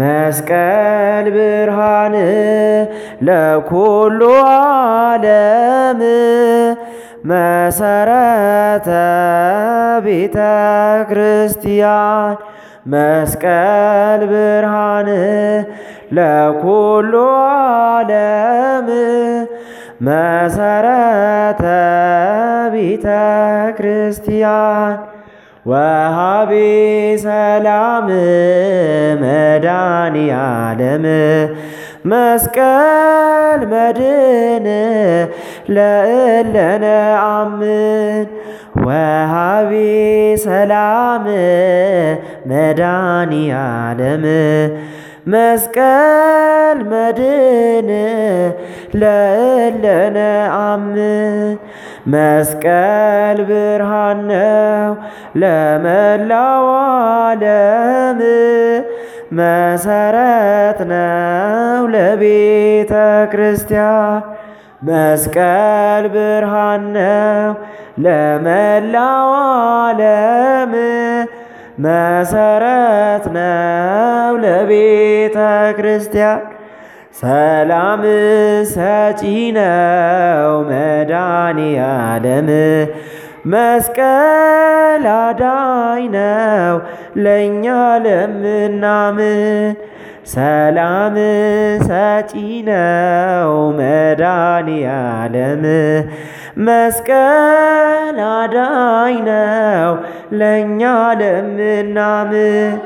መስቀል ብርሃን ለኩሉ ዓለም መሰረተ ቤተ ክርስቲያን መስቀል ብርሃን ለኩሉ ዓለም መሰረተ ቤተ ክርስቲያን ወሃቢ ሰላም መድኃኒዓለም መስቀል መድን ለእለነ አምን ወሃቢ ሰላም መድኃኒዓለም መስቀል መድን ለእለነ አምን መስቀል ብርሃን ነው ለመላው ዓለም መሰረት ነው ለቤተ ክርስቲያን መስቀል ብርሃን ነው ለመላው ዓለም መሰረት ነው ለቤተ ክርስቲያን ሰላም ሰጪ ነው መድኃኔ ዓለም መስቀል አዳኝ ነው ለእኛ ለምናምን፣ ሰላም ሰጪ ነው መዳን ያለም። መስቀል አዳኝ ነው ለእኛ ለምናምን